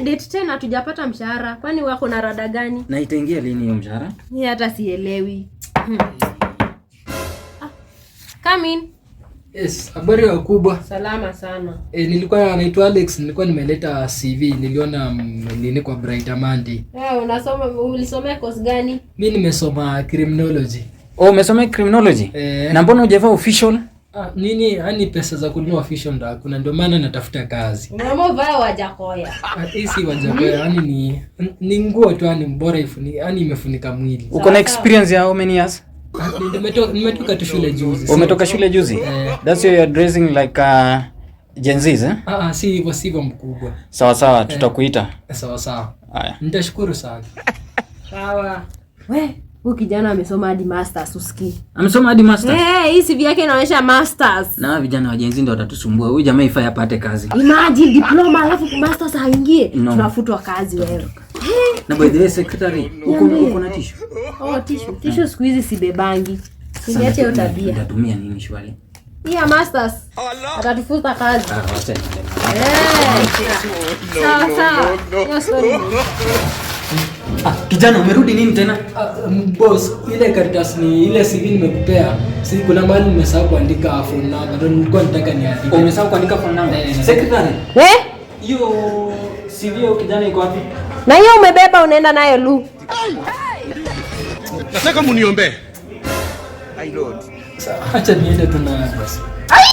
date tena tujapata mshahara. Kwani wako na rada gani? Na itaingia lini hiyo mshahara? Ni hata sielewi. Hmm. Ah, come in. Yes, habari ya kubwa. Salama sana. Eh, nilikuwa naitwa Alex, nilikuwa nimeleta CV, niliona nini mm, kwa Bright Amandi. Eh, unasoma ulisomea course gani? Mimi nimesoma criminology. Oh, umesoma criminology? Eh. Na mbona hujavaa official? Ah, nini yani pesa za kununua official ndo hakuna, ndio maana natafuta kazi. Unaomba uvae Wajakoya. Hisi ah, eh, Wajakoya yani ni ni nguo tu yani bora ifuni yani imefunika mwili. Uko na experience ya how many years? Ah, nimetoka nimetoka tu shule juzi. Umetoka shule juzi? Eh. That's why you are dressing like a uh, Gen Z's, eh? Ah, ah, si hivyo si hivyo mkubwa. Sawa sawa, eh. tutakuita. Sawa sawa. Haya. Nitashukuru sana. Sawa. We, Huyu kijana amesoma hadi masters usikii. Amesoma hadi masters. Eh, hey, hii CV yake inaonyesha masters. Na vijana wa Gen ndio watatusumbua. Huyu jamaa ifa yapate kazi. Imagine diploma alafu kwa masters haingie. No. Tunafutwa kazi wewe. Hey. Na by the way secretary, uko uko na tisho? Oh, tisho. Tishu siku hizi bebangi. Siniache hiyo tabia. Nitatumia nini shwali? Pia masters. Atatufuta kazi. Ah, wacha. Eh. Sawa sawa. Ah, kijana umerudi nini tena? Ah, boss, ile karatasi ni ile CV nimekupea. Si kuna mahali nimesahau kuandika phone number. Ndio nilikuwa nataka niandike. Oh, umesahau kuandika phone number? Eh, eh, eh. Secretary. Eh? Hiyo CV ya kijana iko wapi? Na hiyo umebeba unaenda nayo Lu. Nataka muniombee. Ai Lord. Acha niende tu na basi. Ai!